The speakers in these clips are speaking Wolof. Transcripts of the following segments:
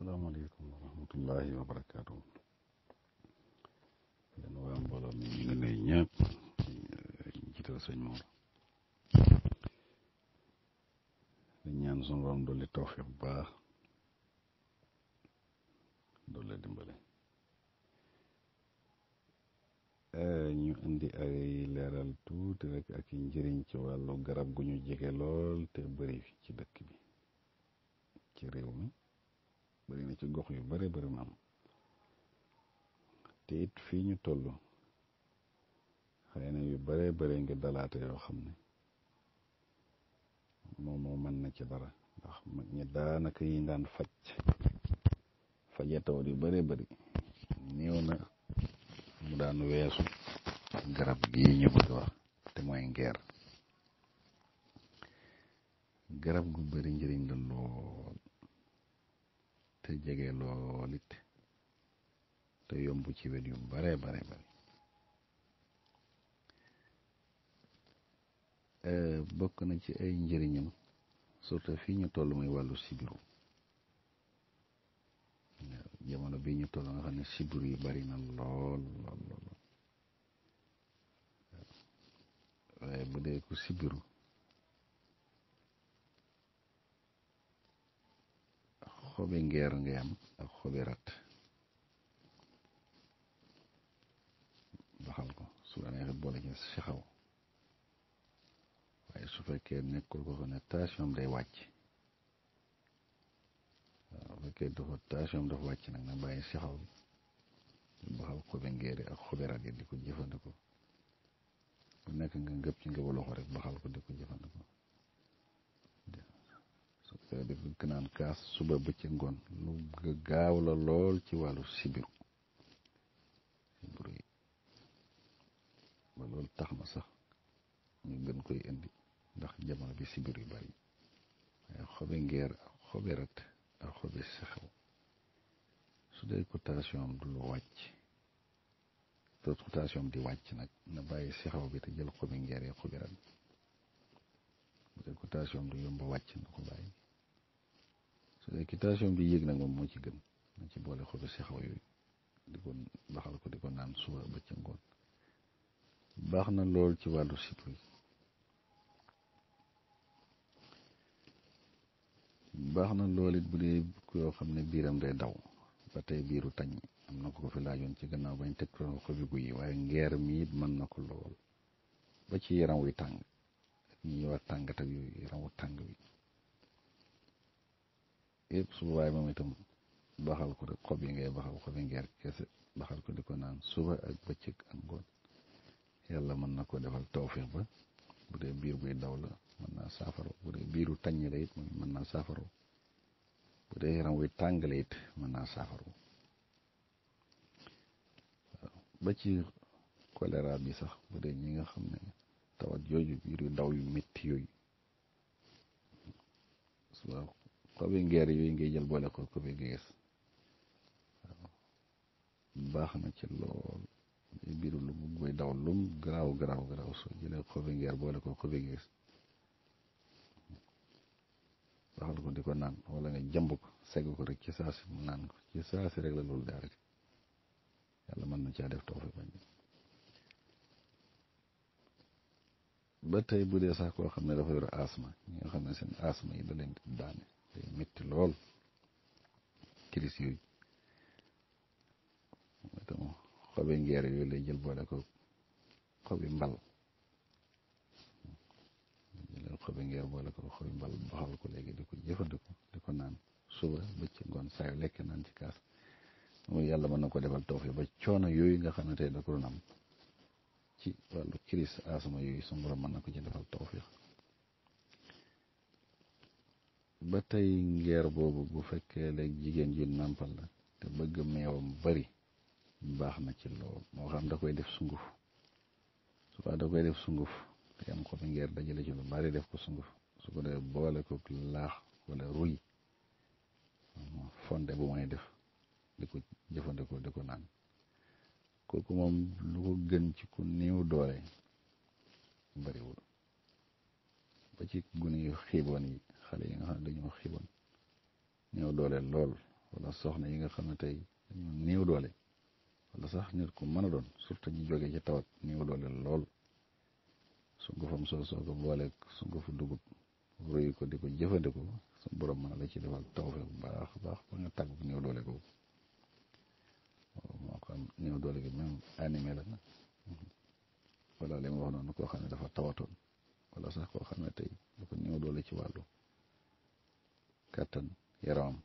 asalaamaaleykum wa rahmatullahi wa barakaatu yéen waa mbooloo mi ñu ngi nuyu ñëpp eh, jiital sëñ Mor di ñaan suñu borom dolli tawfiq bu baax dolli dimbale eh, ñu indi ay leeral tuuti rek ak i ci wàllu garab gu ñu jege lool te bëri fi ci dëkk bi ci réew mi bari na ci gox yu bëri bari mu te it fii ñu toll xëy na yu bëree bëri ngi dalaate yoo xam ne moom moo mën na ci dara ndax mag ñi daanaka yiñ daan faj fajee tawat yu bëree bari néew na mu daan weesu garab gii ñu bëgg wax te mooy ngeer garab gu bëri njëriñ la te jege lool it te yomb ci wet yu bare bare bare euh, bokk na ci ay njëriñam surtout fii ñu toll muy wàllu sibiru jamono bii ñu toll nga xam ne sibiru yi bari na lool lool lool bu dee ku sibiru xobi ngeer ngay am ak xobi rat baxal ko su la boole ci si xaw waaye su fekkee nekkul ko ne tension day wàcc waaw bu fekkee dafa tension dafa wàcc nag na bàyyi si xaw bi ngeer yi ak xobi yi di ko jëfandikoo bu nekk nga ngëb ci ngëbu loxo rek baxal ko di ko jëfandikoo def gënaan kaas suba bëccëg ngoon lu gaaw la lool ci wàllu sibiru sibiru yi ba loolu tax ma sax ñu gën koy indi ndax jamono bi sibiru yu bari waaye xobe ngeer ak xobe rat ak xobe saxaw su dee cotation du lu wàcc te cotation di wàcc nag na bàyyi saxaw bi te jël xobe ngeer yi xobe rat bu dee cotation am du yomb wàcc na ko bàyyi récitation bi yéeg nag moom moo ci gën moo ci boole xobi sexaw yooyu di ko baxal ko di ko naan suba ba ci ngoon baax na lool ci wàllu situ yi baax na lool it bu dee yoo xam ne biiram day daw ba tey biiru tañ am na ko ko fi laajoon ci gannaaw bañ teg ko xobi guy waaye ngeer mi it mën na ko lool ba ci yaram wuy tàng ak ñi war tàngat yooyu yaram tàng bi yëpp suba waaye moom itam baxal ko rek xob yi ngay baxal xobi ngeer kese baxal ko di ko naan suba ak bëccëg ak ngoon yàlla mën na ko defal tawfiix ba bu dee biir buy daw la mën naa saafaro bu dee biiru tàññ la it mën naa saafaro bu dee yaram tàngale it mën naa saafaro ba ci choléra bi sax bu dee ñi nga xam ne tawat yooyu biiru daw yu métti yooyu xobi ngeer yooyu ngay jël boole ko xobi gees baax na ci lool biiru lu buy daw lum garaaw garaaw garaaw soo jëlee xobi ngeer boole ko xobi gees waxal ko di ko naan wala nga jëmb ko ko rek ci saasi mu naan ko ci saasi rek la loolu daal rek yàlla mën na caa def taw fi bañ ba bu dee sax koo xam ne dafa yor asma ñi nga xam ne seen asma yi da leen daane day lool crise yooyu mooy tam xobi ngeer yooyu lay jël boole ko xobi mbal jël xobi ngeer boole ko xobi mbal baxal ko léegi di ko jëfandikoo di ko naan suba bëccëg ngoon saa lekk naan ci kaas mooy yàlla mën na ko defal toof ba coono yooyu nga xamante ne da ko doon am ci wàllu crise asma yooyu su borom mën na ko ci defal tawfiq ba tey ngeer boobu bu fekkee léeg jigéen ju nàmpal la te bëgg meewam bari baax na ci lool moo xam da koy def sunguf su ko da koy def sunguf te am xobi ngeer dajale ci lu bari def ko sunguf su ko def boole ko laax wala ruy fonde bu may def di ko jëfandikoo di ko naan kooku moom lu ko gën ci ku néew doole bariwul ba ci gune yu xiiboon yi xale yi nga xam ne dañoo xiwoon néew doole lool wala soxna yi nga xam ne tey dañoo néew doole wala sax nit ku mën a doon surtout ñu jógee ci tawat néew doole lool sungufam soo soo ko booleeg sungufu dugub ruyu ko di ko jëfandikoo suñu borom mën la ci defal tawfeex bu baax baax ba nga tàggu néew doole ko moo xam néew doole gi même animé la wala li ma wax noonu koo xam ne dafa tawatoon wala sax koo xam ne tey dafa néew doole ci wàllu kàttan yaramam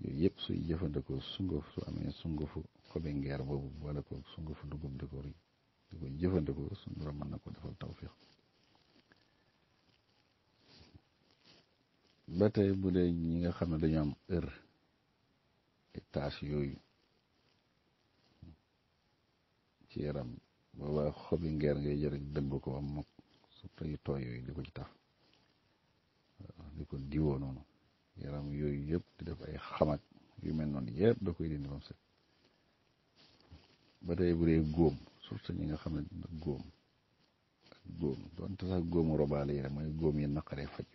yooyu yëpp suy jëfandikoo sunguf su amee sungufu xobi ngeer boobu wala ko sungufu dugub di ko ri ko jëfandikoo suñ borom mën na ko defal tawfiq ba tey bu dee ñi nga xam ne dañoo am heure et tâche yooyu ci yaram booba xobi ngeer ngay jëriñ dëmb ko am mokk su tey tooy yooyu di ko ci tax di ko diwoo noonu yaram yooyu yëpp di def ay xamat yu mel noonu yëpp da koy dindi ba mu set ba tey bu góom surtout ñi nga xam ne góom ak góom donte sax góomu yi rek mooy góom yi naqaree faj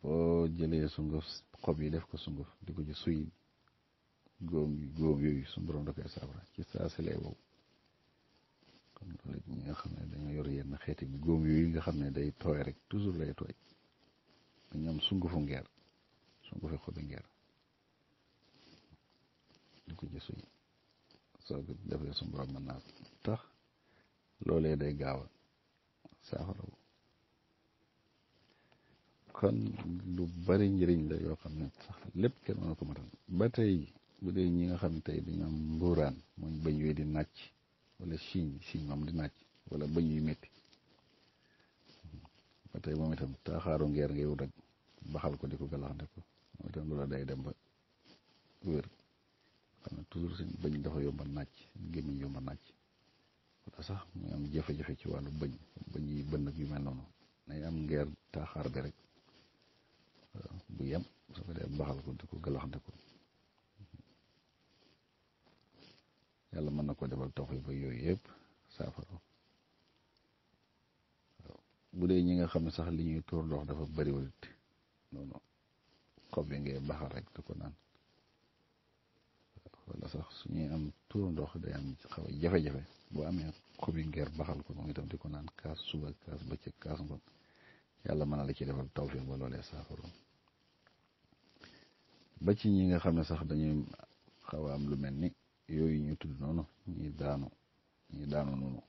boo jëlee sunguf xob yi def ko sunguf di ko ci suy góom góom yooyu suñu borom ci saa si kon loolu ñi nga xam ne dañoo yor yenn xeeti góom yooyu nga xam ne day tooy rek toujours lay tooy ñoom sungufu ngeer sungufi xobi ngeer ñu ko ci suñ soo ko defee suñu borom mën tax loole day gaaw a saafara kon lu bari njëriñ la yoo xam ne sax lépp kenn mën na ko ba tey bu dee ñi nga xam ne tey dañu am mbuuraan mooy bëñ yooyu di nàcc wala siiñ siiñ moom di nàcc wala bëñ yu métti ba tey moom itam taaxaaru ngeer ngay wut rek baxal ko di ko galaxante ko moom itam loola day dem ba wér xam ne toujours suñ bëñ dafa yomba nàcc gémmiñ yomba nàcc wala sax muy am jafe-jafe ci wàllu bëñ bëñ yi bënn ak yu mel noonu nay am ngeer taaxaar bi rek bu yem su ko dee baxal ko di ko galaxante ko yàlla mën na ko defal taxu ba yooyu yëpp saafara bu dee ñi nga xam ne sax li ñuy tuur ndox dafa bari it noonu xob yi ngay rek di ko naan wala sax suñuy am tuur ndox day am xaw a jafe-jafe amee xob yi ngeer baxal ko moom itam di ko naan kaas suba kaas bëccëg kaas ngoon yàlla mën na la ci defal taw ba loolee saafara ba ci ñi nga xam ne sax dañuy xaw am lu mel ni yooyu ñu tudd noonu ñi daanu ñi daanu noonu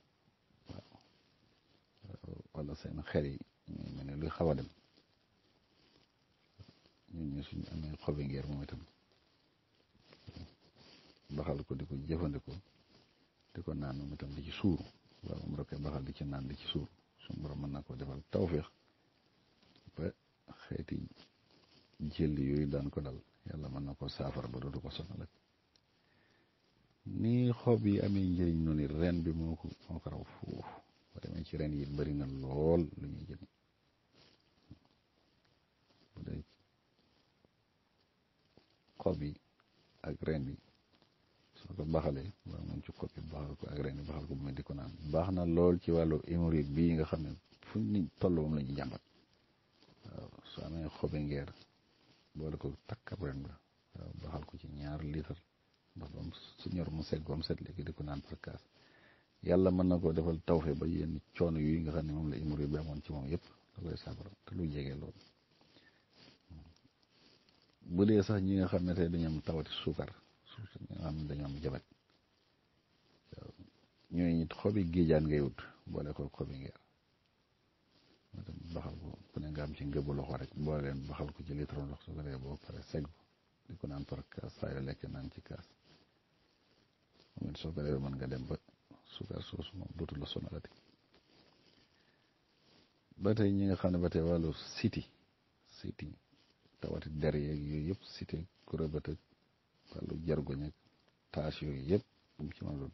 wala seen xel yi ñu ne luy xaw a dem ñun ñu suñ amee xobi ngeer moom itam baxal ko di ko jëfandikoo di ko naan moom itam di ci suuru waaw moom baxal di ci naan ci suuru suñu mën na ko defal tawféex ba xeeti jël yooyu daan ko dal yàlla mën na ko saafara ba dootu ko sonal ak nii xob yi amee njëriñ noonu ren bi moo ko moo ko raw boo demee ci ren yi bari na lool lu ñuy jënd bu dee xob yi ak ren bi soo ko baxalee waa moom ci ko ak ren bi ko bu di ko naan baax na lool ci wàllu hémorroïde bii nga xam ne fu nit toll moom la ñu jàmbat soo amee xobi ngeer boole ko takk ab ren ko ci ñaar litre ndox su ñor mu set ba mu set léegi di ko naan par yàlla mën na koo defal tawfe ba yenn coono yi nga xam ne moom la imur bi amoon ci moom yëpp da lu jege loolu bu dee sax ñi nga xam ne tey dañu am tawati suukar suuf nga xam ne dañu am jabet waaw ñooñu it xobi géejaan ngay wut boole ko xobi ngeer baxal ko ku ne nga am ci ngëbu loxo rek boole leen baxal ko ci litre ndox su ko dee boo pare seg di ko naan par kaas saa yoo lekk naan ci kaas moom it soo ko defee mën nga dem ba bàkkaar soosu moom dootul la sonalati ba tey ñi nga xam ne ba tey wàllu siti siti tawati der yeeg yooyu yëpp siti kurébët ak wàllu jargoñ yooyu yëpp bu mu ci mën doon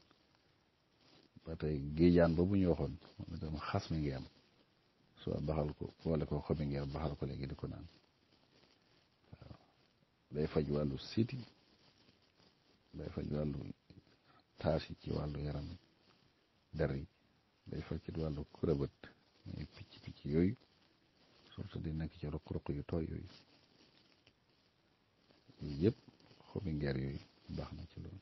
ba tey géejaan ba bu ñu waxoon moom itam xas mi ngi am soo baxal ko wala ko xobi ngeer baxal ko léegi di ko naan waaw day faj wàllu siti day faj wàllu taas ci wàllu yaram der yi day faccit wàllu kurabët muy picc picc yooyu suuf si di nekk ci ruq-ruq yu tooy yooyu yooyu yëpp xobi ngeer yooyu baax na ci loolu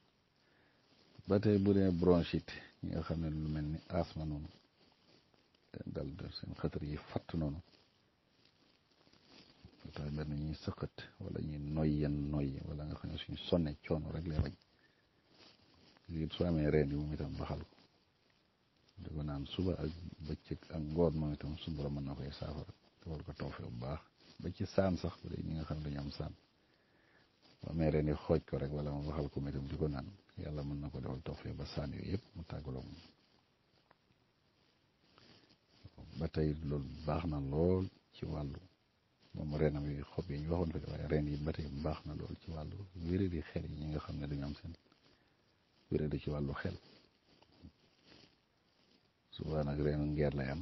ba tey bu dee bronchite ñi nga xam ne lu mel ni asma noonu dal de seen xëtër yi fatt noonu tax benn ñuy sëqët wala ñuy noy yenn noy wala nga xam ne suñu sonne coono rek lay bañ soo amee reen yi moom itam baxal ko di ko naan suba ak bëccëg ak ngoon moom itam suñu borom mën na koy saafara war ko tawfeex bu baax ba ci saan sax bu dee ñi nga xam ne dañu am saan ba meeree xooj ko rek wala ma waxal ko itam di naan yàlla mën na ko defal tawfeex ba saan yëpp mu tàggaloo ba tey loolu baax na lool ci wàllu moom renam yi xob yi ñu waxoon fekk ren yi ba tey baax na lool ci wàllu wéré di xel ñi nga xam ne dañu am seen wéré di ci wàllu xel suba nag reenu ngeer lay am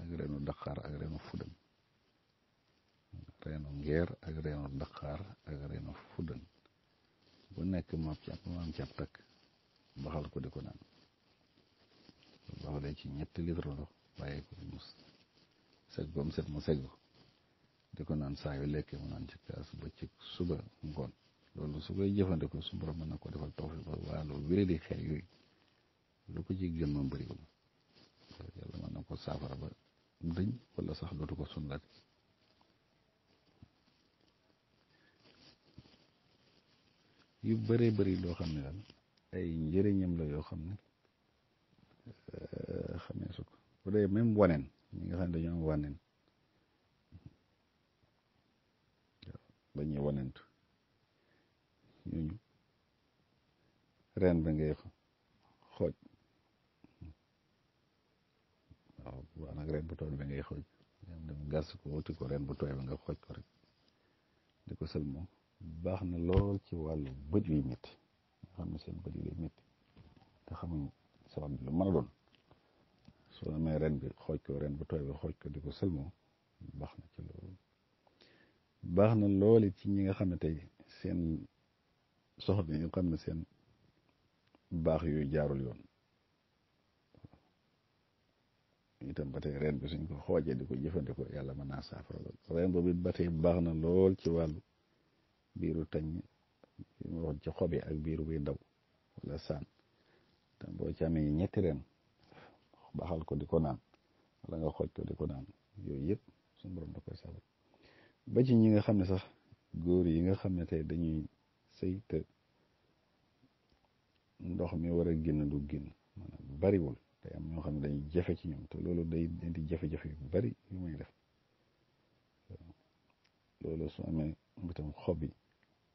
ak reenu daqaar ak ngeer ak reenu daqaar ak reenu nekk maam càpp maam càpp ko di ko naan ci ñetti litre ndox bàyyi ko mu seg mu set di ko naan saa yu lekkee mu naan ci kaas ba ci suba ngoon loolu su koy jëfandikoo su ma mën na ko defal tawfiq ba waa loolu di xel yooyu lu ko ci gën moom bëriwul yàlla mën saafara ba dëñ wala sax dootu ko sunlaat yu bëree bëri loo xam ne daal ay njëriñam la yoo xam ne euh, xamee su ko bu dee waneen ñi nga xam ne dañoo am waneen ba ñuy waneentu ñooñu reen ba ngay waaw waaw nag reen bu tooy bi ngay xooj dem gas ko wuti ko reen bu tooy nga xooj ko di ko sël moom baax na lool ci wàllu bët yuy métti nga seen bët yi day métti te xamuñ sabab bi lu mën doon soo amee ren bi xooj ko ren bu tooy bi xooj ko di ko sëlmo baax na ci loolu baax na looli ci ñi nga xam ne tey seen soxna yi nga xam ne seen baax yooyu jaarul yoon itam ba tey reen bi suñ ko xoojee di ko jëfandikoo yàlla mën naa saafara lool reen boobu it ba baax na lool ci wàllu biiru tañ ma waxoon ci xob yi ak biiru buy ndaw wala saan tam boo ci amee ñetti reen baxal ko di ko naan wala nga xooj ko di ko naan yooyu yëpp suñu borom saafara ba ci ñi nga xam ne sax góor yi nga xam ne dañuy sëy te ndox mi war a génn du génn maanaam bariwul day am ñoo xam ne dañuy jafe ci ñoom te loolu day indi jafe-jafe yu bari yu muy def loolu su amee xob yi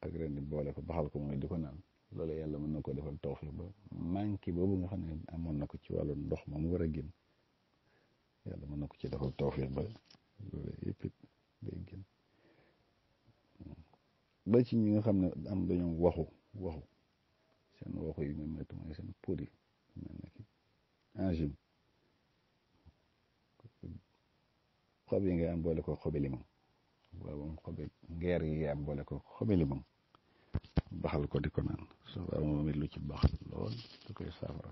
ak ren boole ko baxal ko mooy di ko naan loolu yàlla mën na ko defal tawfeex ba manqué boobu nga xam ne amoon na ko ci wàllu ndox ma mu war a génn yàlla mën na ko ci defal tawfeex ba loolu yëpp it ba ci ñi nga xam ne am dañoo waxu waxu seen waxu yu mel mooy seen poudre yi mel ne angime xob yi ngay boole ko xobi limon boobu moom xobi yi ngay boole ko xobi limon baxal ko di ko naan soo ko lu ci baxal lool da koy saafara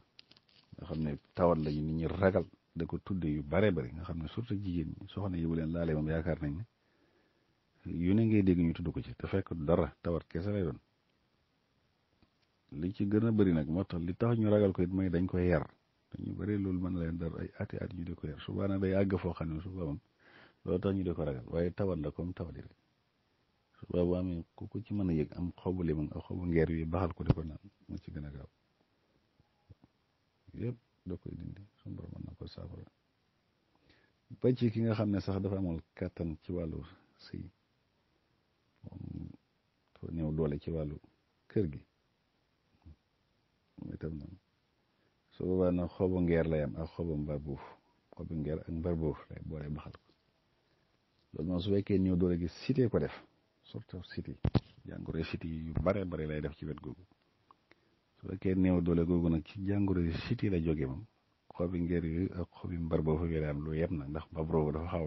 nga xam ne tawat la ñu ñi ragal da ko tudde yu bare bari nga xam ne surtout jigéen ñi soxna yi bu leen laalee moom yaakaar nañ ne yu ne ngay dégg ñu tudd ko ci te fekk dara tawat kese lay doon li ci gën a bëri nag moo tax li tax ñu ragal ko it dañ koy yar ñu bëri loolu mën a leen dar ay ati at ñu di ko yar subaa nag day àgg foo xam ne subaa moom tax ñu di ko ragal waaye tawal la kom tawat yi rek subaa ko ci mën a yëg am xobu limon ak xobu ngeer yi baaxal ko di ko mu ci gën a gaaw yëpp dindi suñu borom na ko saafara ba ki nga xam ne sax dafa amul kàttan ci wàllu sëy néew doole ci wàllu kër gi itam su boobaa nag xobu ngeer la yam ak xobu mbar buuf xobu ak mbar buuf lay boole baxal ko loolu moom su fekkee ñëw doole gi cité ko def surtout cité jàngoro cité yu bare bare lay def ci wet googu su néew doole googu nag ci jàngoro cité la jóge moom xobi ngeer yooyu ak xobi mbar boobu yooyu am lu yem ndax mbar boobu dafa xaw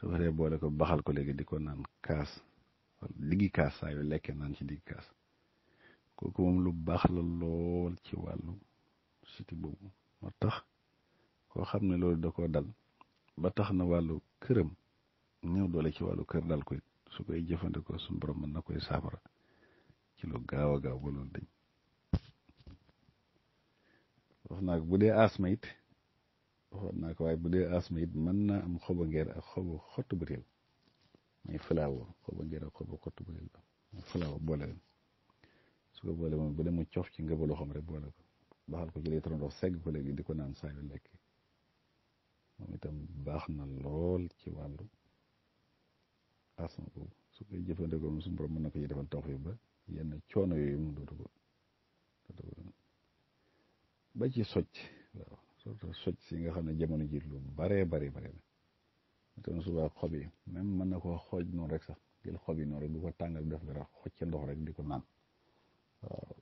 ko defee baxal ko léegi di ko naan kaas wala diggi kaas saa kaas kooku moom lu baax la lool ci wàllu siti boobu ma tax koo xam ne loolu da ko dal ba tax na wàllu këram ñëw doole ci wàllu kër dal ko su koy jëfandikoo suñu borom mën na koy saafara ci lu gaaw a gaaw ba dañ wax naa ko bu dee asma it naa ko waaye bu dee asma mën naa am xoba ngeer ak xobu xottu bëréel may falaawo xoba ngeer ak xobu xottu bëréel may boole moom bu dee mu coof ci nga ba loxoom rek boole ko baxal ko ci litre ndox segg ko léegi di ko naan saa yu lekk moom itam baax na lool ci wàllu asma boobu su koy jëfandikoo moom suñu borom mën na ko ci yenn coono yooyu moom ko ba ci socc waaw surtout socc si nga xam ne jamono ji lu baree bari bari na xob yi même mën na koo xooj noonu rek sax jël xob yi noonu rek du dara xoj ca ndox rek di ko naan waaw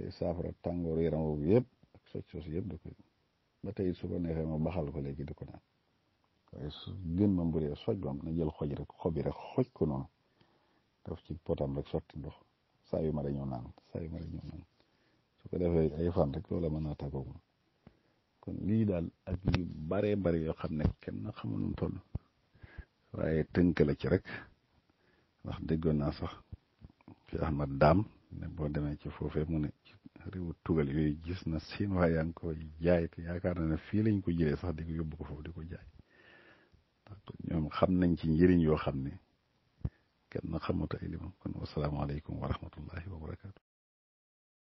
day saafara tàngooru yaram woowu yëpp ak socc soosu yëpp da koy ba tey su ko neexee ma baxal ko léegi di ko naan waaye su gën ma mburee soj bam na jël xoj rek xobi rek xoj ko noonu daf ci potam rek sotti ndox saa yu ma dañoo naan saa ma dañoo naan su ko defee ay fan rek loola mën naa tàggoog kon lii daal ak yu baree bari yoo xam ne kenn xamul nu toll waaye tënk la ci rek ndax déggoon naa sax fi Ahmad Daam ne boo demee ci foofee mu ne ci réewu tugal yooyu gis na siin waaye yaa ngi jaay te yaakaar na ne fii lañ ko jëlee sax di ko yóbbu ko foofu di ko jaay ndax ñoom xam nañ ci njëriñ yoo xam ne kenn xamut ay limam kon wasalaamaaleykum wa rahmatullahi wa barakaatu.